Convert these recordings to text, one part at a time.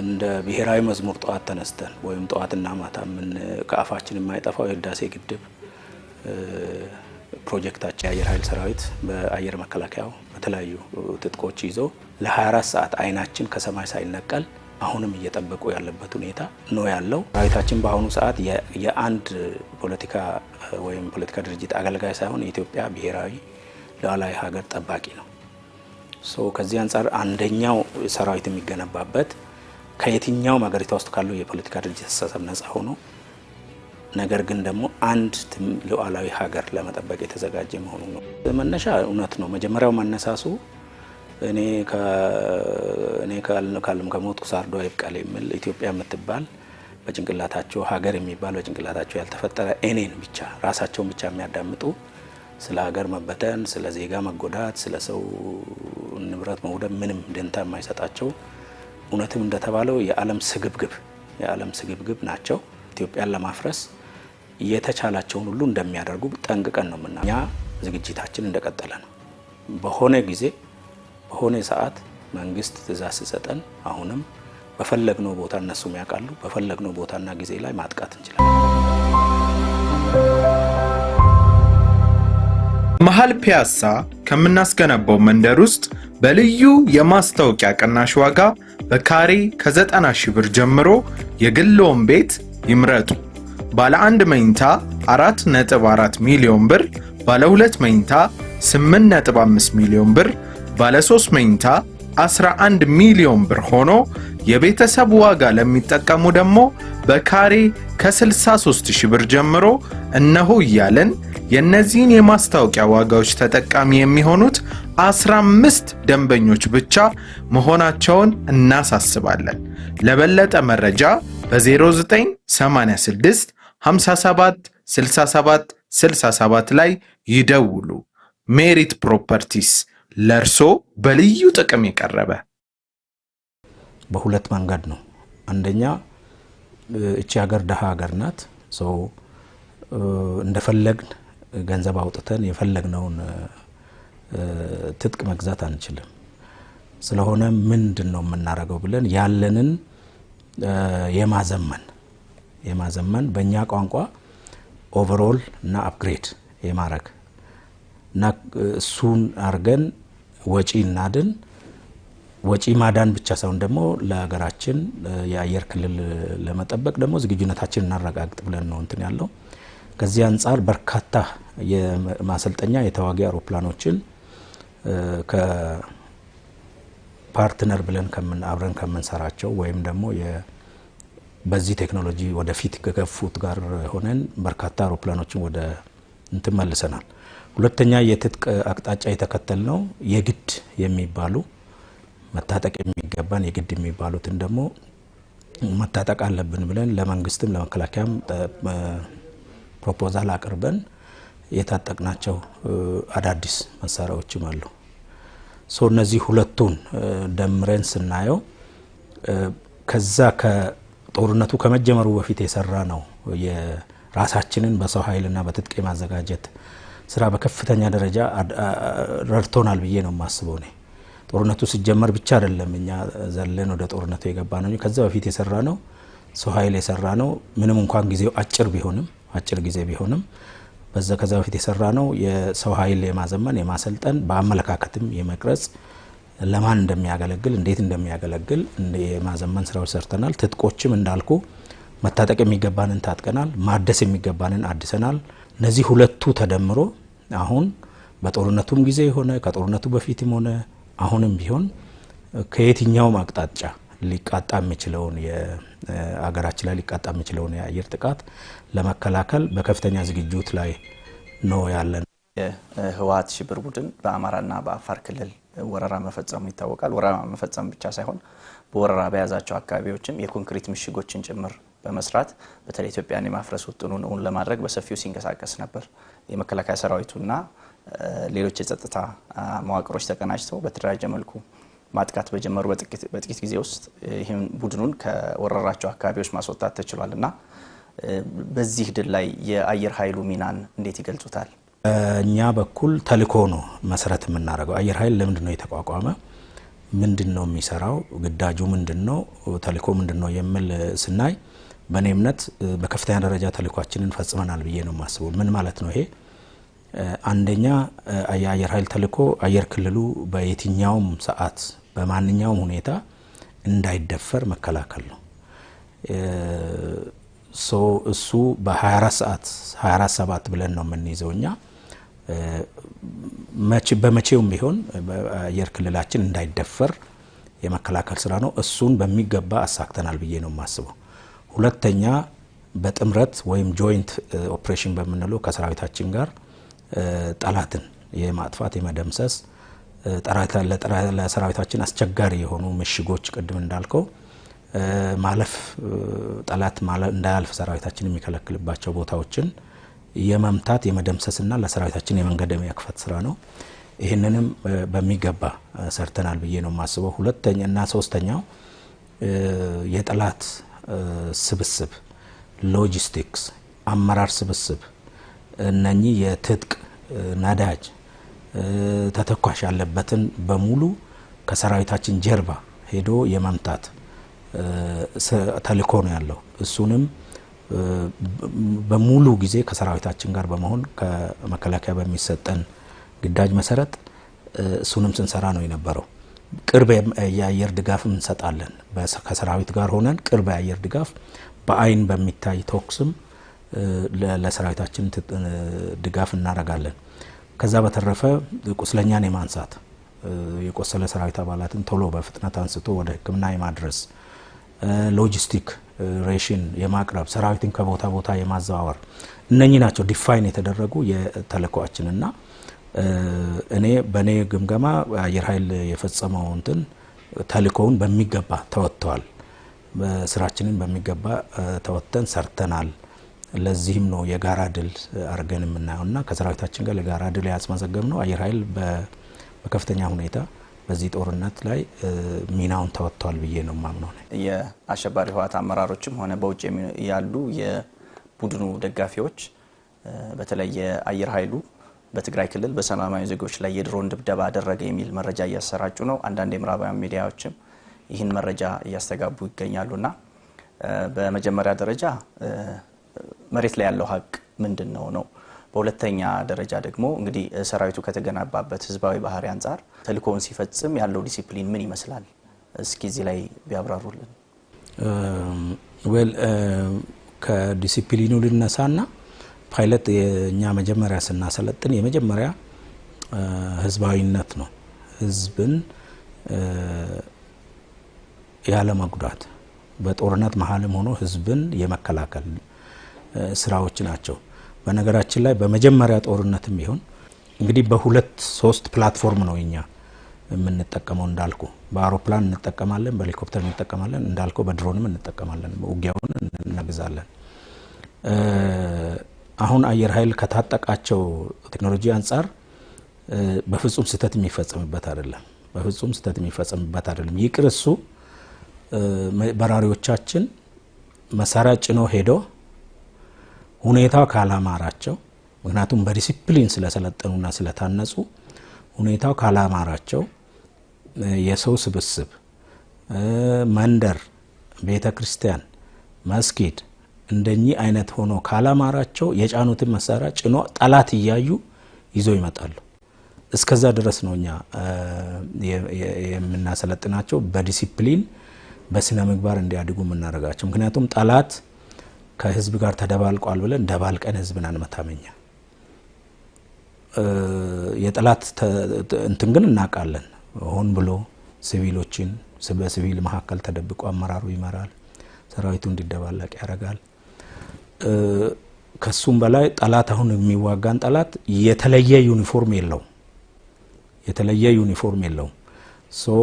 እንደ ብሔራዊ መዝሙር ጠዋት ተነስተን ወይም ጠዋትና ማታ ምን ከአፋችን የማይጠፋው የህዳሴ ግድብ ፕሮጀክታችን የአየር ኃይል ሰራዊት በአየር መከላከያው በተለያዩ ትጥቆች ይዞ ለ24 ሰዓት አይናችን ከሰማይ ሳይነቀል አሁንም እየጠበቁ ያለበት ሁኔታ ነው ያለው። ሰራዊታችን በአሁኑ ሰዓት የአንድ ፖለቲካ ወይም ፖለቲካ ድርጅት አገልጋይ ሳይሆን የኢትዮጵያ ብሔራዊ ሉዓላዊ ሀገር ጠባቂ ነው። ከዚህ አንጻር አንደኛው ሰራዊት የሚገነባበት ከየትኛውም ሀገሪቷ ውስጥ ካለው የፖለቲካ ድርጅት አስተሳሰብ ነጻ ሆኖ ነገር ግን ደግሞ አንድ ሉዓላዊ ሀገር ለመጠበቅ የተዘጋጀ መሆኑ ነው። መነሻ እውነት ነው። መጀመሪያው መነሳሱ እኔ ካልም ከሞትኩ ሳርዶ ይብቀል የሚል ኢትዮጵያ የምትባል በጭንቅላታቸው ሀገር የሚባል በጭንቅላታቸው ያልተፈጠረ እኔን ብቻ ራሳቸውን ብቻ የሚያዳምጡ ስለ ሀገር መበተን፣ ስለ ዜጋ መጎዳት፣ ስለ ሰው ንብረት መውደብ ምንም ደንታ የማይሰጣቸው እውነትም እንደተባለው የዓለም ስግብግብ የዓለም ስግብግብ ናቸው። ኢትዮጵያን ለማፍረስ የተቻላቸውን ሁሉ እንደሚያደርጉ ጠንቅቀን ነው ምና እኛ ዝግጅታችን እንደቀጠለ ነው። በሆነ ጊዜ በሆነ ሰዓት መንግስት ትእዛዝ ሲሰጠን አሁንም በፈለግነው ቦታ እነሱም ያውቃሉ፣ በፈለግነው ቦታና ጊዜ ላይ ማጥቃት እንችላለን። መሀል ፒያሳ ከምናስገነባው መንደር ውስጥ በልዩ የማስታወቂያ ቅናሽ ዋጋ በካሬ ከ ሺህ ብር ጀምሮ የግልዎን ቤት ይምረጡ። ባለ አንድ መኝታ 4.4 ሚሊዮን ብር፣ ባለ ሁለት መኝታ 8.5 ሚሊዮን ብር፣ ባለ 3 መኝታ 11 ሚሊዮን ብር ሆኖ የቤተሰብ ዋጋ ለሚጠቀሙ ደግሞ በካሬ ከ63 ሺህ ብር ጀምሮ እነሆ እያለን የእነዚህን የማስታወቂያ ዋጋዎች ተጠቃሚ የሚሆኑት 15 ደንበኞች ብቻ መሆናቸውን እናሳስባለን። ለበለጠ መረጃ በ0986 57 67 67 ላይ ይደውሉ። ሜሪት ፕሮፐርቲስ ለእርሶ በልዩ ጥቅም የቀረበ በሁለት መንገድ ነው። አንደኛ እቺ ሀገር ደሃ ሀገር ናት። እንደፈለግን ገንዘብ አውጥተን የፈለግነውን ትጥቅ መግዛት አንችልም። ስለሆነ ምንድን ነው የምናደርገው ብለን ያለንን የማዘመን የማዘመን በእኛ ቋንቋ ኦቨርኦል እና አፕግሬድ የማድረግ እና እሱን አድርገን ወጪ እናድን። ወጪ ማዳን ብቻ ሳይሆን ደግሞ ለሀገራችን የአየር ክልል ለመጠበቅ ደግሞ ዝግጁነታችን እናረጋግጥ ብለን ነው እንትን ያለው። ከዚህ አንጻር በርካታ የማሰልጠኛ የተዋጊ አውሮፕላኖችን ከፓርትነር ብለን ከምን አብረን ከምንሰራቸው ወይም ደግሞ በዚህ ቴክኖሎጂ ወደፊት ከገፉት ጋር ሆነን በርካታ አውሮፕላኖችን ወደ እንትን መልሰናል። ሁለተኛ የትጥቅ አቅጣጫ የተከተል ነው። የግድ የሚባሉ መታጠቅ የሚገባን የግድ የሚባሉትን ደግሞ መታጠቅ አለብን ብለን ለመንግስትም ለመከላከያም ፕሮፖዛል አቅርበን የታጠቅናቸው አዳዲስ መሳሪያዎችም አሉ። ሶ እነዚህ ሁለቱን ደምረን ስናየው ከዛ ከጦርነቱ ከመጀመሩ በፊት የሰራ ነው የራሳችንን በሰው ኃይልና በትጥቅ የማዘጋጀት ስራ በከፍተኛ ደረጃ ረድቶናል ብዬ ነው የማስበው። እኔ ጦርነቱ ሲጀመር ብቻ አይደለም እኛ ዘለን ወደ ጦርነቱ የገባ ነው። ከዛ በፊት የሰራ ነው ሰው ኃይል የሰራ ነው። ምንም እንኳን ጊዜው አጭር ቢሆንም አጭር ጊዜ ቢሆንም በዛ ከዛ በፊት የሰራ ነው የሰው ኃይል የማዘመን የማሰልጠን በአመለካከትም የመቅረጽ ለማን እንደሚያገለግል እንዴት እንደሚያገለግል የማዘመን ስራዎች ሰርተናል። ትጥቆችም እንዳልኩ መታጠቅ የሚገባንን ታጥቀናል፣ ማደስ የሚገባንን አድሰናል። እነዚህ ሁለቱ ተደምሮ አሁን በጦርነቱም ጊዜ ሆነ ከጦርነቱ በፊትም ሆነ አሁንም ቢሆን ከየትኛውም አቅጣጫ ሊቃጣ የሚችለውን የአገራችን ላይ ሊቃጣ የሚችለውን የአየር ጥቃት ለመከላከል በከፍተኛ ዝግጅት ላይ ነው ያለን። የህወሓት ሽብር ቡድን በአማራና በአፋር ክልል ወረራ መፈጸሙ ይታወቃል። ወረራ መፈጸሙ ብቻ ሳይሆን በወረራ በያዛቸው አካባቢዎችም የኮንክሪት ምሽጎችን ጭምር በመስራት በተለይ ኢትዮጵያን የማፍረስ ውጥኑን እውን ለማድረግ በሰፊው ሲንቀሳቀስ ነበር። የመከላከያ ሰራዊቱና ሌሎች የጸጥታ መዋቅሮች ተቀናጅተው በተደራጀ መልኩ ማጥቃት በጀመሩ በጥቂት ጊዜ ውስጥ ይህን ቡድኑን ከወረራቸው አካባቢዎች ማስወጣት ተችሏል እና በዚህ ድል ላይ የአየር ኃይሉ ሚናን እንዴት ይገልጹታል? እኛ በኩል ተልእኮ ነው መሰረት የምናደርገው። አየር ኃይል ለምንድን ነው የተቋቋመ? ምንድን ነው የሚሰራው? ግዳጁ ምንድን ነው? ተልእኮ ምንድን ነው የሚል ስናይ በእኔ እምነት በከፍተኛ ደረጃ ተልእኳችንን ፈጽመናል ብዬ ነው የማስበው። ምን ማለት ነው ይሄ? አንደኛ የአየር ኃይል ተልእኮ አየር ክልሉ በየትኛውም ሰዓት በማንኛውም ሁኔታ እንዳይደፈር መከላከል ነው። እሱ በ24 ሰዓት 24 ሰባት ብለን ነው የምንይዘው እኛ በመቼውም ቢሆን አየር ክልላችን እንዳይደፈር የመከላከል ስራ ነው። እሱን በሚገባ አሳክተናል ብዬ ነው የማስበው። ሁለተኛ በጥምረት ወይም ጆይንት ኦፕሬሽን በምንለው ከሰራዊታችን ጋር ጠላትን የማጥፋት የመደምሰስ ለሰራዊታችን አስቸጋሪ የሆኑ ምሽጎች ቅድም እንዳልከው ማለፍ ጠላት እንዳያልፍ ሰራዊታችን የሚከለክልባቸው ቦታዎችን የመምታት የመደምሰስና ለሰራዊታችን የመንገድ የመክፈት ስራ ነው። ይህንንም በሚገባ ሰርተናል ብዬ ነው የማስበው። ሁለተኛ እና ሶስተኛው የጠላት ስብስብ፣ ሎጂስቲክስ፣ አመራር ስብስብ እነኚህ የትጥቅ ነዳጅ ተተኳሽ ያለበትን በሙሉ ከሰራዊታችን ጀርባ ሄዶ የመምታት ተልእኮ ነው ያለው። እሱንም በሙሉ ጊዜ ከሰራዊታችን ጋር በመሆን ከመከላከያ በሚሰጠን ግዳጅ መሰረት እሱንም ስንሰራ ነው የነበረው። ቅርብ የአየር ድጋፍ እንሰጣለን። ከሰራዊት ጋር ሆነን ቅርብ የአየር ድጋፍ በአይን በሚታይ ተኩስም ለሰራዊታችን ድጋፍ እናደርጋለን። ከዛ በተረፈ ቁስለኛን የማንሳት የቆሰለ ሰራዊት አባላትን ቶሎ በፍጥነት አንስቶ ወደ ሕክምና የማድረስ ሎጂስቲክ ሬሽን የማቅረብ ሰራዊትን ከቦታ ቦታ የማዘዋወር እነኚህ ናቸው ዲፋይን የተደረጉ የተልእኮአችንና እኔ በእኔ ግምገማ አየር ኃይል የፈጸመው እንትን ተልእኮውን በሚገባ ተወጥተዋል። ስራችንን በሚገባ ተወጥተን ሰርተናል። ለዚህም ነው የጋራ ድል አድርገን የምናየው እና ከሰራዊታችን ጋር የጋራ ድል ያስመዘገብ ነው። አየር ኃይል በከፍተኛ ሁኔታ በዚህ ጦርነት ላይ ሚናውን ተወጥቷል ብዬ ነው ማምነው። የአሸባሪ ህወሓት አመራሮችም ሆነ በውጭ ያሉ የቡድኑ ደጋፊዎች በተለይ የአየር ኃይሉ በትግራይ ክልል በሰላማዊ ዜጎች ላይ የድሮን ድብደባ አደረገ የሚል መረጃ እያሰራጩ ነው። አንዳንድ የምዕራባውያን ሚዲያዎችም ይህን መረጃ እያስተጋቡ ይገኛሉና በመጀመሪያ ደረጃ መሬት ላይ ያለው ሀቅ ምንድን ነው ነው። በሁለተኛ ደረጃ ደግሞ እንግዲህ ሰራዊቱ ከተገነባበት ህዝባዊ ባህሪ አንጻር ተልእኮውን ሲፈጽም ያለው ዲሲፕሊን ምን ይመስላል? እስኪ እዚህ ላይ ቢያብራሩልን። ወል ከዲሲፕሊኑ ልነሳና ፓይለት የእኛ መጀመሪያ ስናሰለጥን የመጀመሪያ ህዝባዊነት ነው። ህዝብን ያለመጉዳት በጦርነት መሀልም ሆኖ ህዝብን የመከላከል ስራዎች ናቸው። በነገራችን ላይ በመጀመሪያ ጦርነትም ይሁን እንግዲህ በሁለት ሶስት ፕላትፎርም ነው እኛ የምንጠቀመው እንዳልኩ በአውሮፕላን እንጠቀማለን፣ በሄሊኮፕተር እንጠቀማለን፣ እንዳልኩ በድሮንም እንጠቀማለን፣ ውጊያውን እናግዛለን። አሁን አየር ኃይል ከታጠቃቸው ቴክኖሎጂ አንጻር በፍጹም ስህተት የሚፈጸምበት አይደለም። በፍጹም ስህተት የሚፈጸምበት አይደለም። ይቅር እሱ በራሪዎቻችን መሳሪያ ጭኖ ሄደው። ሁኔታው ካላማራቸው ምክንያቱም በዲሲፕሊን ስለሰለጠኑና ስለታነጹ ሁኔታው ካላማራቸው የሰው ስብስብ፣ መንደር፣ ቤተ ክርስቲያን፣ መስጊድ እንደኚህ አይነት ሆኖ ካላማራቸው የጫኑትን መሳሪያ ጭኖ ጠላት እያዩ ይዞ ይመጣሉ። እስከዛ ድረስ ነው እኛ የምናሰለጥናቸው በዲሲፕሊን በስነ ምግባር እንዲያድጉ የምናደርጋቸው ምክንያቱም ጠላት ከህዝብ ጋር ተደባልቋል ብለን ደባልቀን ህዝብን አንመታመኛ የጠላት እንትን ግን እናውቃለን። ሆን ብሎ ሲቪሎችን በሲቪል መካከል ተደብቆ አመራሩ ይመራል፣ ሰራዊቱ እንዲደባለቅ ያደርጋል። ከሱም በላይ ጠላት አሁን የሚዋጋን ጠላት የተለየ ዩኒፎርም የለው የተለየ ዩኒፎርም የለውም። ሶ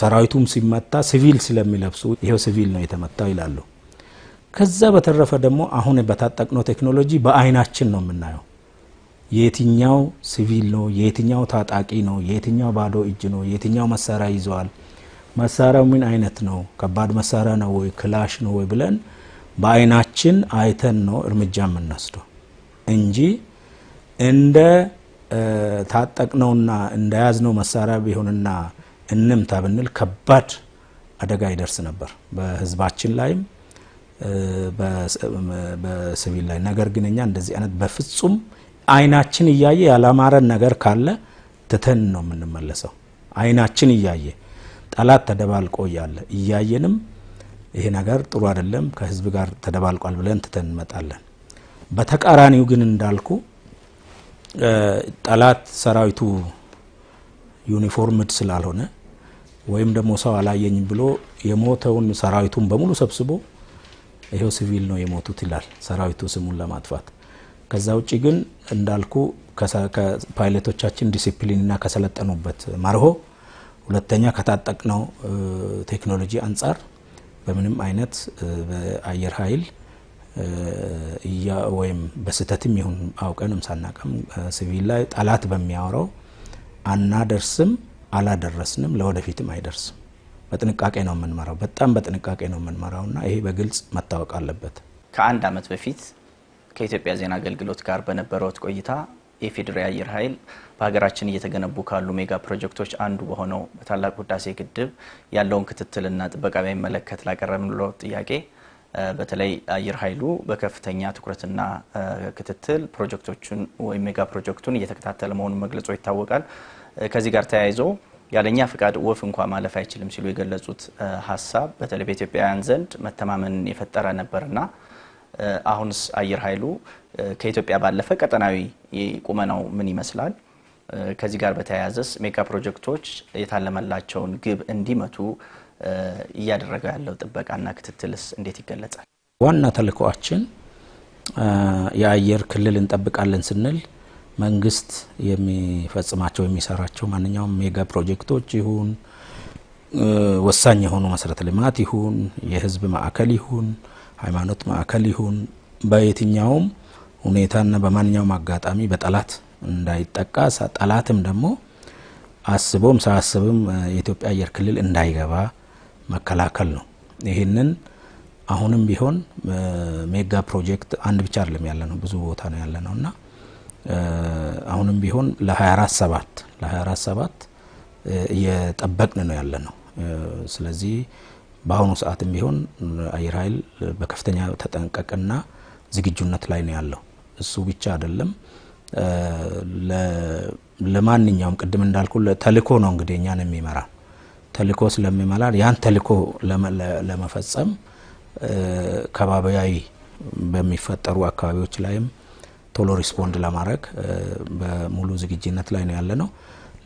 ሰራዊቱም ሲመታ ሲቪል ስለሚለብሱ ይሄው ሲቪል ነው የተመታው ይላሉ። ከዛ በተረፈ ደግሞ አሁን በታጠቅነው ቴክኖሎጂ በአይናችን ነው የምናየው። የትኛው ሲቪል ነው፣ የትኛው ታጣቂ ነው፣ የትኛው ባዶ እጅ ነው፣ የትኛው መሳሪያ ይዘዋል፣ መሳሪያው ምን አይነት ነው፣ ከባድ መሳሪያ ነው ወይ ክላሽ ነው ወይ ብለን በአይናችን አይተን ነው እርምጃ የምንወስደው እንጂ እንደ ታጠቅነውና እንደያዝነው መሳሪያ ቢሆንና እንምታ ብንል ከባድ አደጋ ይደርስ ነበር በህዝባችን ላይም በሲቪል ላይ ነገር ግን እኛ እንደዚህ አይነት በፍጹም አይናችን እያየ ያላማረን ነገር ካለ ትተን ነው የምንመለሰው። አይናችን እያየ ጠላት ተደባልቆ እያለ እያየንም ይሄ ነገር ጥሩ አይደለም ከህዝብ ጋር ተደባልቋል ብለን ትተን እንመጣለን። በተቃራኒው ግን እንዳልኩ ጠላት ሰራዊቱ ዩኒፎርምድ ስላልሆነ ወይም ደግሞ ሰው አላየኝ ብሎ የሞተውን ሰራዊቱን በሙሉ ሰብስቦ ይሄው ሲቪል ነው የሞቱት ይላል ሰራዊቱ ስሙን ለማጥፋት። ከዛ ውጭ ግን እንዳልኩ ፓይለቶቻችን ዲሲፕሊንና ከሰለጠኑበት መርሆ፣ ሁለተኛ ከታጠቅነው ቴክኖሎጂ አንጻር በምንም አይነት በአየር ኃይል ወይም በስህተትም ይሁን አውቀንም ሳናቀም ሲቪል ላይ ጠላት በሚያወራው አናደርስም፣ አላደረስንም፣ ለወደፊትም አይደርስም። በጥንቃቄ ነው የምንመራው። በጣም በጥንቃቄ ነው የምንመራው እና ይሄ በግልጽ መታወቅ አለበት። ከአንድ ዓመት በፊት ከኢትዮጵያ ዜና አገልግሎት ጋር በነበረውት ቆይታ የፌዴራል አየር ኃይል በሀገራችን እየተገነቡ ካሉ ሜጋ ፕሮጀክቶች አንዱ በሆነው በታላቁ ህዳሴ ግድብ ያለውን ክትትልና ጥበቃ በሚመለከት ላቀረብንለው ጥያቄ በተለይ አየር ኃይሉ በከፍተኛ ትኩረትና ክትትል ፕሮጀክቶቹን ወይም ሜጋ ፕሮጀክቱን እየተከታተለ መሆኑን መግለጾ ይታወቃል። ከዚህ ጋር ተያይዞ ያለኛ ፍቃድ ወፍ እንኳ ማለፍ አይችልም ሲሉ የገለጹት ሀሳብ በተለይ በኢትዮጵያውያን ዘንድ መተማመንን የፈጠረ ነበርና አሁንስ አየር ኃይሉ ከኢትዮጵያ ባለፈ ቀጠናዊ ቁመናው ምን ይመስላል? ከዚህ ጋር በተያያዘስ ሜጋ ፕሮጀክቶች የታለመላቸውን ግብ እንዲመቱ እያደረገው ያለው ጥበቃና ክትትልስ እንዴት ይገለጻል? ዋና ተልእኮአችን የአየር ክልል እንጠብቃለን ስንል መንግስት የሚፈጽማቸው የሚሰራቸው ማንኛውም ሜጋ ፕሮጀክቶች ይሁን ወሳኝ የሆኑ መሰረተ ልማት ይሁን የህዝብ ማዕከል ይሁን ሃይማኖት ማዕከል ይሁን በየትኛውም ሁኔታና በማንኛውም አጋጣሚ በጠላት እንዳይጠቃ ጠላትም ደግሞ አስቦም ሳያስብም የኢትዮጵያ አየር ክልል እንዳይገባ መከላከል ነው። ይህንን አሁንም ቢሆን ሜጋ ፕሮጀክት አንድ ብቻ አይደለም ያለ ነው፣ ብዙ ቦታ ነው ያለ ነው እና አሁንም ቢሆን ለ24 ሰባት ለ24 ሰባት እየጠበቅን ነው ያለ ነው። ስለዚህ በአሁኑ ሰዓትም ቢሆን አየር ኃይል በከፍተኛ ተጠንቀቅና ዝግጁነት ላይ ነው ያለው። እሱ ብቻ አይደለም ለማንኛውም ቅድም እንዳልኩ ተልእኮ ነው እንግዲህ እኛን የሚመራ ተልእኮ ስለሚመራ ያን ተልእኮ ለመፈጸም ከባቢያዊ በሚፈጠሩ አካባቢዎች ላይም ቶሎ ሪስፖንድ ለማድረግ በሙሉ ዝግጅነት ላይ ነው ያለ ነው።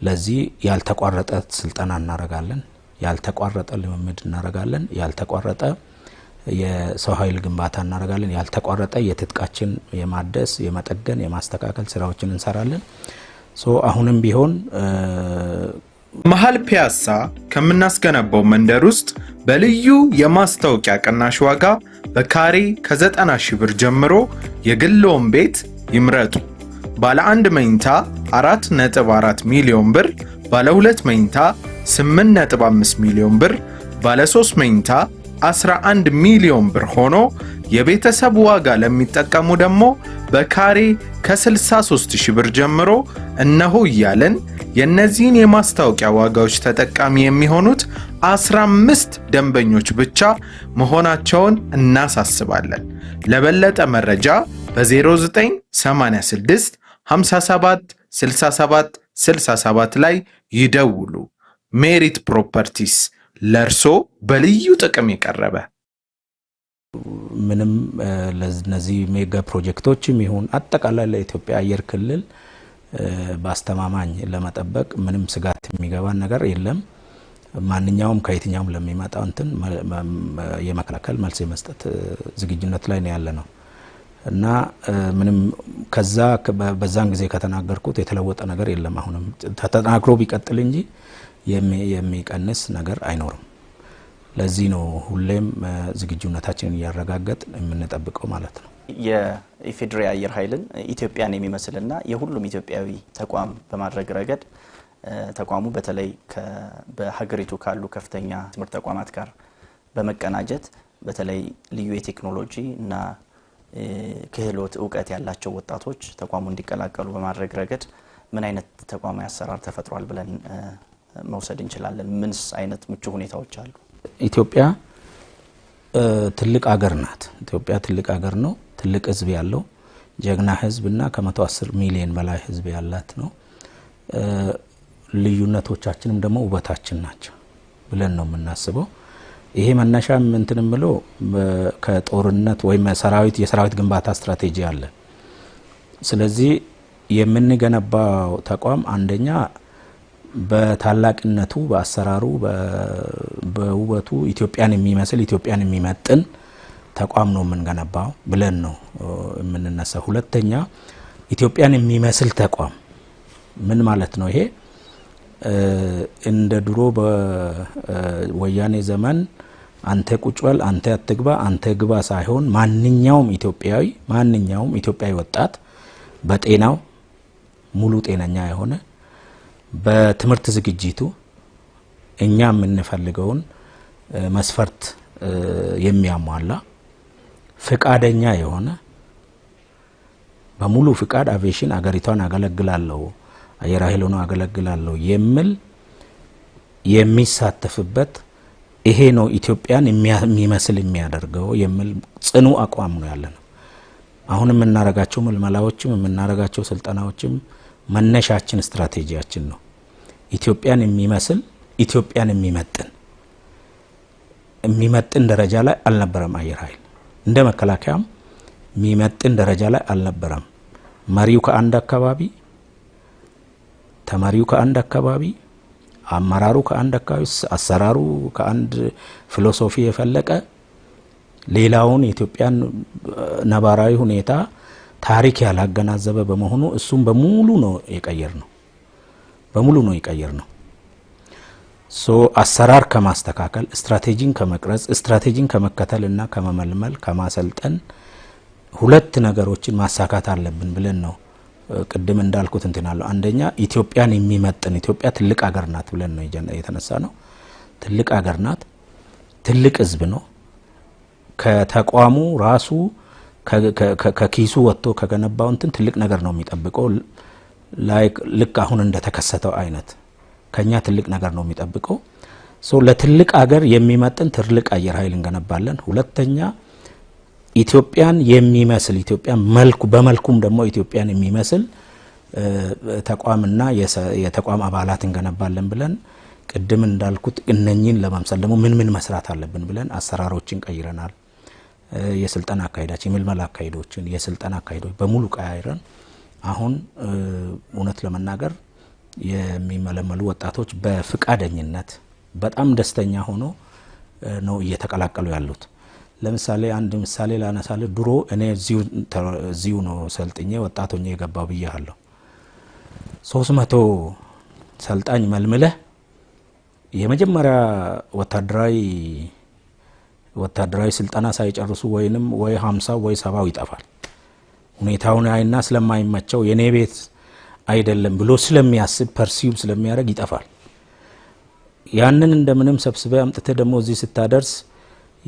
ለዚህ ያልተቋረጠ ስልጠና እናረጋለን፣ ያልተቋረጠ ልምምድ እናረጋለን፣ ያልተቋረጠ የሰው ኃይል ግንባታ እናረጋለን፣ ያልተቋረጠ የትጥቃችን የማደስ የመጠገን የማስተካከል ስራዎችን እንሰራለን። አሁንም ቢሆን መሀል ፒያሳ ከምናስገነባው መንደር ውስጥ በልዩ የማስታወቂያ ቅናሽ ዋጋ በካሬ ከ90 ሺህ ብር ጀምሮ የግልዎን ቤት ይምረጡ። ባለ አንድ መኝታ 4.4 ሚሊዮን ብር፣ ባለ ሁለት መኝታ 8.5 ሚሊዮን ብር፣ ባለ 3 መኝታ 11 ሚሊዮን ብር ሆኖ የቤተሰብ ዋጋ ለሚጠቀሙ ደግሞ በካሬ ከ63 ሺህ ብር ጀምሮ እነሆ እያለን የእነዚህን የማስታወቂያ ዋጋዎች ተጠቃሚ የሚሆኑት 15 ደንበኞች ብቻ መሆናቸውን እናሳስባለን። ለበለጠ መረጃ በ0986 57 67 67 ላይ ይደውሉ። ሜሪት ፕሮፐርቲስ ለእርሶ በልዩ ጥቅም የቀረበ ምንም ለነዚህ ሜጋ ፕሮጀክቶችም ይሁን አጠቃላይ ለኢትዮጵያ አየር ክልል በአስተማማኝ ለመጠበቅ ምንም ስጋት የሚገባን ነገር የለም። ማንኛውም ከየትኛውም ለሚመጣው እንትን የመከላከል መልስ የመስጠት ዝግጁነት ላይ ነው ያለ ነው። እና ምንም ከዛ በዛን ጊዜ ከተናገርኩት የተለወጠ ነገር የለም። አሁንም ተጠናክሮ ቢቀጥል እንጂ የሚቀንስ ነገር አይኖርም። ለዚህ ነው ሁሌም ዝግጁነታችንን እያረጋገጥ የምንጠብቀው ማለት ነው። የኢፌዴሪ አየር ኃይልን ኢትዮጵያን የሚመስልና የሁሉም ኢትዮጵያዊ ተቋም በማድረግ ረገድ ተቋሙ በተለይ በሀገሪቱ ካሉ ከፍተኛ ትምህርት ተቋማት ጋር በመቀናጀት በተለይ ልዩ የቴክኖሎጂ እና ክህሎት፣ እውቀት ያላቸው ወጣቶች ተቋሙ እንዲቀላቀሉ በማድረግ ረገድ ምን አይነት ተቋማዊ አሰራር ተፈጥሯል ብለን መውሰድ እንችላለን? ምንስ አይነት ምቹ ሁኔታዎች አሉ? ኢትዮጵያ ትልቅ አገር ናት። ኢትዮጵያ ትልቅ አገር ነው። ትልቅ ህዝብ ያለው ጀግና ህዝብ እና ከ110 ሚሊዮን በላይ ህዝብ ያላት ነው። ልዩነቶቻችንም ደግሞ ውበታችን ናቸው ብለን ነው የምናስበው። ይሄ መነሻ እንትን ብሎ ከጦርነት ወይም ሰራዊት የሰራዊት ግንባታ ስትራቴጂ አለ። ስለዚህ የምንገነባው ተቋም አንደኛ በታላቅነቱ፣ በአሰራሩ፣ በውበቱ ኢትዮጵያን የሚመስል ኢትዮጵያን የሚመጥን ተቋም ነው የምንገነባው ብለን ነው የምንነሳ። ሁለተኛ ኢትዮጵያን የሚመስል ተቋም ምን ማለት ነው? ይሄ እንደ ድሮ በወያኔ ዘመን አንተ ቁጭ አንተ አትግባ፣ አንተ ግባ ሳይሆን ማንኛውም ኢትዮጵያዊ ማንኛውም ኢትዮጵያዊ ወጣት በጤናው ሙሉ ጤነኛ የሆነ በትምህርት ዝግጅቱ እኛ የምንፈልገውን መስፈርት የሚያሟላ ፍቃደኛ የሆነ በሙሉ ፍቃድ አቪዬሽን አገሪቷን አገለግላለሁ አየር ኃይል ሆኖ አገለግላለሁ የሚል የሚሳተፍበት ይሄ ነው ኢትዮጵያን የሚመስል የሚያደርገው የሚል ጽኑ አቋም ነው ያለ ነው። አሁን የምናረጋቸው ምልመላዎችም የምናረጋቸው ስልጠናዎችም መነሻችን ስትራቴጂያችን ነው ኢትዮጵያን የሚመስል ኢትዮጵያን የሚመጥን የሚመጥን ደረጃ ላይ አልነበረም። አየር ኃይል እንደ መከላከያም የሚመጥን ደረጃ ላይ አልነበረም። መሪው ከአንድ አካባቢ፣ ተማሪው ከአንድ አካባቢ አመራሩ ከአንድ አካባቢ አሰራሩ ከአንድ ፊሎሶፊ የፈለቀ ሌላውን የኢትዮጵያን ነባራዊ ሁኔታ ታሪክ ያላገናዘበ በመሆኑ እሱም በሙሉ ነው የቀየር ነው በሙሉ ነው የቀየር ነው። ሶ አሰራር ከማስተካከል ስትራቴጂን ከመቅረጽ ስትራቴጂን ከመከተል እና ከመመልመል ከማሰልጠን ሁለት ነገሮችን ማሳካት አለብን ብለን ነው ቅድም እንዳልኩት እንትን አለው። አንደኛ ኢትዮጵያን የሚመጥን ኢትዮጵያ ትልቅ ሀገር ናት ብለን ነው የተነሳ ነው። ትልቅ ሀገር ናት፣ ትልቅ ህዝብ ነው። ከተቋሙ ራሱ ከኪሱ ወጥቶ ከገነባው እንትን ትልቅ ነገር ነው የሚጠብቀው። ላይክ ልክ አሁን እንደተከሰተው አይነት ከኛ ትልቅ ነገር ነው የሚጠብቀው። ሶ ለትልቅ ሀገር የሚመጥን ትልቅ አየር ኃይል እንገነባለን። ሁለተኛ ኢትዮጵያን የሚመስል ኢትዮጵያ መልኩ በመልኩም ደግሞ ኢትዮጵያን የሚመስል ተቋምና የተቋም አባላት እንገነባለን ብለን ቅድም እንዳልኩት እነኚህን ለመምሰል ደግሞ ምን ምን መስራት አለብን ብለን አሰራሮችን ቀይረናል። የስልጠና አካሄዳችን፣ የምልመላ አካሄዶችን፣ የስልጠና አካሄዶች በሙሉ ቀያይረን አሁን እውነት ለመናገር የሚመለመሉ ወጣቶች በፍቃደኝነት በጣም ደስተኛ ሆኖ ነው እየተቀላቀሉ ያሉት። ለምሳሌ አንድ ምሳሌ ላነሳለ ድሮ እኔ እዚሁ ነው ሰልጥኜ ወጣት ሆኜ የገባው ብያለሁ። ሶስት መቶ ሰልጣኝ መልምለህ የመጀመሪያ ወታደራዊ ወታደራዊ ስልጠና ሳይጨርሱ ወይንም ወይ ሀምሳ ወይ ሰባው ይጠፋል። ሁኔታውን አይና ስለማይመቸው የእኔ ቤት አይደለም ብሎ ስለሚያስብ ፐርሲዩም ስለሚያደርግ ይጠፋል። ያንን እንደምንም ሰብስበ አምጥተ ደግሞ እዚህ ስታደርስ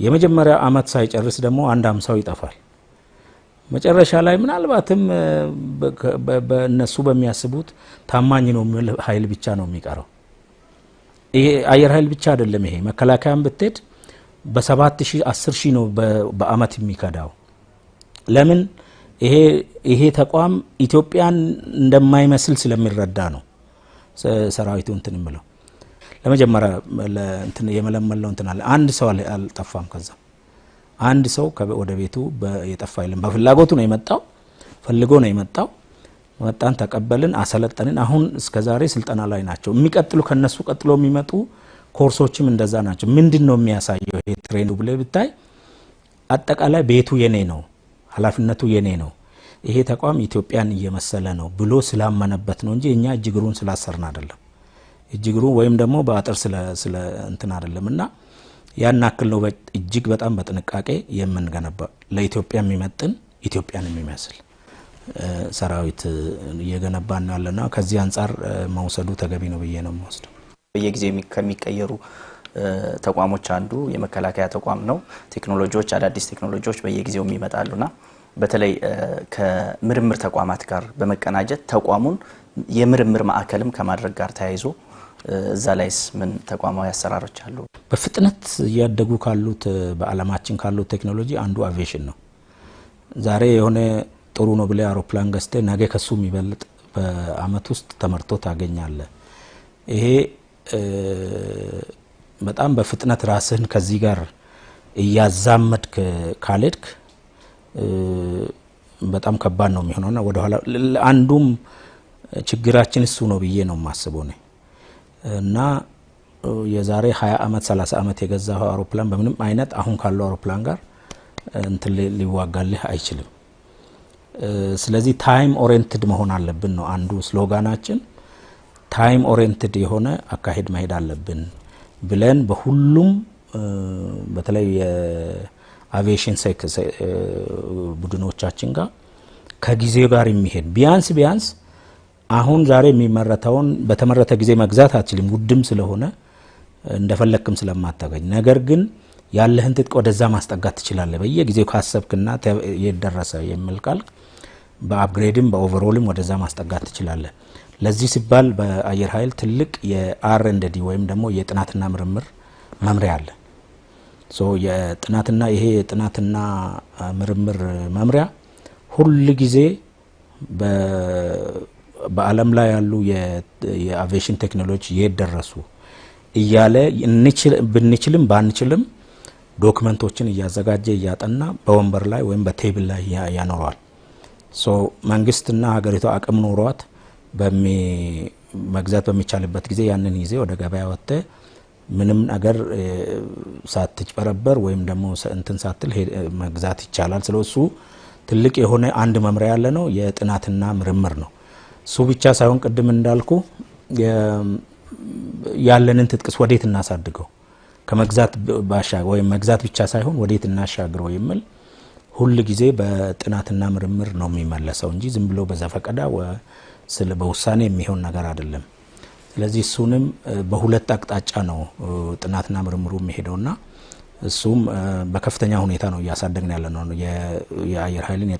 የመጀመሪያ አመት ሳይጨርስ ደግሞ አንድ አምሳው ይጠፋል። መጨረሻ ላይ ምናልባትም በእነሱ በሚያስቡት ታማኝ ነው የሚል ኃይል ብቻ ነው የሚቀረው። ይሄ አየር ኃይል ብቻ አይደለም። ይሄ መከላከያም ብትሄድ በሰባት ሺህ አስር ሺህ ነው በአመት የሚከዳው። ለምን ይሄ ተቋም ኢትዮጵያን እንደማይመስል ስለሚረዳ ነው ሰራዊቱ እንትን የምለው ለመጀመሪያ የመለመለው እንትን አለ። አንድ ሰው አልጠፋም። ከዛ አንድ ሰው ወደ ቤቱ የጠፋ የለም። በፍላጎቱ ነው የመጣው፣ ፈልጎ ነው የመጣው። መጣን፣ ተቀበልን፣ አሰለጠንን። አሁን እስከዛሬ ስልጠና ላይ ናቸው። የሚቀጥሉ ከነሱ ቀጥሎ የሚመጡ ኮርሶችም እንደዛ ናቸው። ምንድን ነው የሚያሳየው ይሄ ትሬንዱ ብለህ ብታይ አጠቃላይ ቤቱ የኔ ነው፣ ኃላፊነቱ የኔ ነው፣ ይሄ ተቋም ኢትዮጵያን እየመሰለ ነው ብሎ ስላመነበት ነው እንጂ እኛ እጅግሩን ስላሰርን አይደለም። እጅግሩ ወይም ደግሞ በአጥር ስለ እንትን አይደለም እና ያን አክል ነው እጅግ በጣም በጥንቃቄ የምንገነባ ለኢትዮጵያ የሚመጥን ኢትዮጵያን የሚመስል ሰራዊት እየገነባን ያለና ከዚህ አንጻር መውሰዱ ተገቢ ነው ብዬ ነው የምወስደው። በየጊዜ ከሚቀየሩ ተቋሞች አንዱ የመከላከያ ተቋም ነው። ቴክኖሎጂዎች፣ አዳዲስ ቴክኖሎጂዎች በየጊዜው ይመጣሉና በተለይ ከምርምር ተቋማት ጋር በመቀናጀት ተቋሙን የምርምር ማዕከልም ከማድረግ ጋር ተያይዞ እዛ ላይስ ምን ተቋማዊ አሰራሮች አሉ? በፍጥነት እያደጉ ካሉት በዓለማችን ካሉት ቴክኖሎጂ አንዱ አቪዬሽን ነው። ዛሬ የሆነ ጥሩ ነው ብለ አውሮፕላን ገስቴ ነገ ከሱ የሚበልጥ በአመት ውስጥ ተመርቶ ታገኛለ። ይሄ በጣም በፍጥነት ራስህን ከዚህ ጋር እያዛመድክ ካልሄድክ በጣም ከባድ ነው የሚሆነውና ወደኋላ አንዱም ችግራችን እሱ ነው ብዬ ነው የማስበው ነ እና የዛሬ 20 ዓመት 30 ዓመት የገዛ አውሮፕላን በምንም አይነት አሁን ካለው አውሮፕላን ጋር እንትን ሊዋጋልህ አይችልም። ስለዚህ ታይም ኦሪየንትድ መሆን አለብን ነው አንዱ ስሎጋናችን። ታይም ኦሪየንትድ የሆነ አካሄድ መሄድ አለብን ብለን በሁሉም በተለይ የአቪዬሽን ቡድኖቻችን ጋር ከጊዜው ጋር የሚሄድ ቢያንስ ቢያንስ አሁን ዛሬ የሚመረተውን በተመረተ ጊዜ መግዛት አትችልም፣ ውድም ስለሆነ እንደፈለግክም ስለማታገኝ። ነገር ግን ያለህን ትጥቅ ወደዛ ማስጠጋት ትችላለህ፣ በየጊዜው ካሰብክና የደረሰ የሚል ቃል በአፕግሬድም በኦቨሮልም ወደዛ ማስጠጋት ትችላለህ። ለዚህ ሲባል በአየር ኃይል ትልቅ የአር እንደ ዲ ወይም ደግሞ የጥናትና ምርምር መምሪያ አለ። የጥናትና ይሄ የጥናትና ምርምር መምሪያ ሁል ጊዜ በዓለም ላይ ያሉ የአቪዬሽን ቴክኖሎጂ የት ደረሱ እያለ ብንችልም ባንችልም ዶክመንቶችን እያዘጋጀ እያጠና በወንበር ላይ ወይም በቴብል ላይ ያኖረዋል። ሶ መንግስትና ሀገሪቷ አቅም ኖሯት መግዛት በሚቻልበት ጊዜ ያንን ጊዜ ወደ ገበያ ወጥተ ምንም ነገር ሳትጭበረበር ወይም ደግሞ እንትን ሳትል መግዛት ይቻላል። ስለ እሱ ትልቅ የሆነ አንድ መምሪያ ያለ ነው። የጥናትና ምርምር ነው። እሱ ብቻ ሳይሆን ቅድም እንዳልኩ ያለንን ትጥቅስ ወዴት እናሳድገው ከመግዛት ወይም መግዛት ብቻ ሳይሆን ወዴት እናሻግረው የሚል ሁል ጊዜ በጥናትና ምርምር ነው የሚመለሰው እንጂ ዝም ብሎ በዘፈቀዳ ስለ በውሳኔ የሚሆን ነገር አይደለም። ስለዚህ እሱንም በሁለት አቅጣጫ ነው ጥናትና ምርምሩ የሚሄደውና እሱም በከፍተኛ ሁኔታ ነው እያሳደግን ያለ ነው የአየር ኃይልን